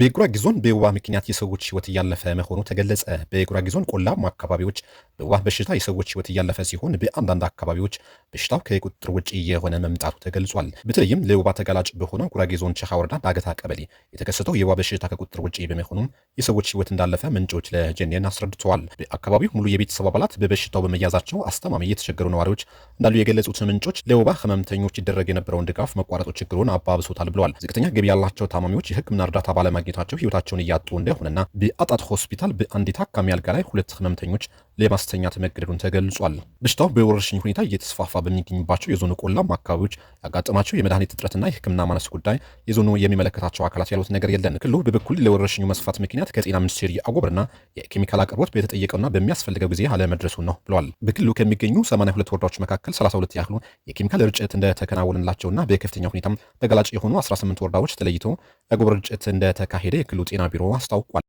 በጉራጌ ዞን በወባ ምክንያት የሰዎች ህይወት እያለፈ መሆኑ ተገለጸ። በጉራጌ ዞን ቆላማ አካባቢዎች በወባ በሽታ የሰዎች ህይወት እያለፈ ሲሆን በአንዳንድ አካባቢዎች በሽታው ከቁጥጥር ውጭ የሆነ መምጣቱ ተገልጿል። በተለይም ለወባ ተጋላጭ በሆነው ጉራጌ ዞን ቸሃ ወረዳ ዳገታ ቀበሌ የተከሰተው የወባ በሽታ ከቁጥጥር ውጭ በመሆኑም የሰዎች ህይወት እንዳለፈ ምንጮች ለጀኔን አስረድተዋል። በአካባቢው ሙሉ የቤተሰብ አባላት በበሽታው በመያዛቸው አስተማሚ የተቸገሩ ነዋሪዎች እንዳሉ የገለጹት ምንጮች ለወባ ህመምተኞች ይደረግ የነበረውን ድጋፍ መቋረጡ ችግሩን አባብሶታል ብለዋል። ዝቅተኛ ገቢ ያላቸው ታማሚዎች የህክምና እርዳታ ባለማግኘት በማግኘታቸው ህይወታቸውን እያጡ እንደሆነና በአጣት ሆስፒታል በአንዲት ታካሚ አልጋ ላይ ሁለት ህመምተኞች ለማስተኛት መገደዱን ተገልጿል። በሽታው በወረርሽኝ ሁኔታ እየተስፋፋ በሚገኝባቸው የዞኑ ቆላማ አካባቢዎች ያጋጠማቸው የመድኃኒት እጥረትና የሕክምና ማነስ ጉዳይ የዞኑ የሚመለከታቸው አካላት ያሉት ነገር የለን። ክልሉ በበኩል ለወረርሽኙ መስፋት ምክንያት ከጤና ሚኒስቴር የአጎብርና የኬሚካል አቅርቦት በተጠየቀውና በሚያስፈልገው ጊዜ አለመድረሱ ነው ብለዋል። በክልሉ ከሚገኙ 82 ወረዳዎች መካከል 32 ያህሉ የኬሚካል ርጭት እንደተከናወንላቸውና በከፍተኛ ሁኔታም ተጋላጭ የሆኑ 18 ወረዳዎች ተለይቶ የአጎበር ርጭት እንደተካሄደ የክልሉ ጤና ቢሮ አስታውቋል።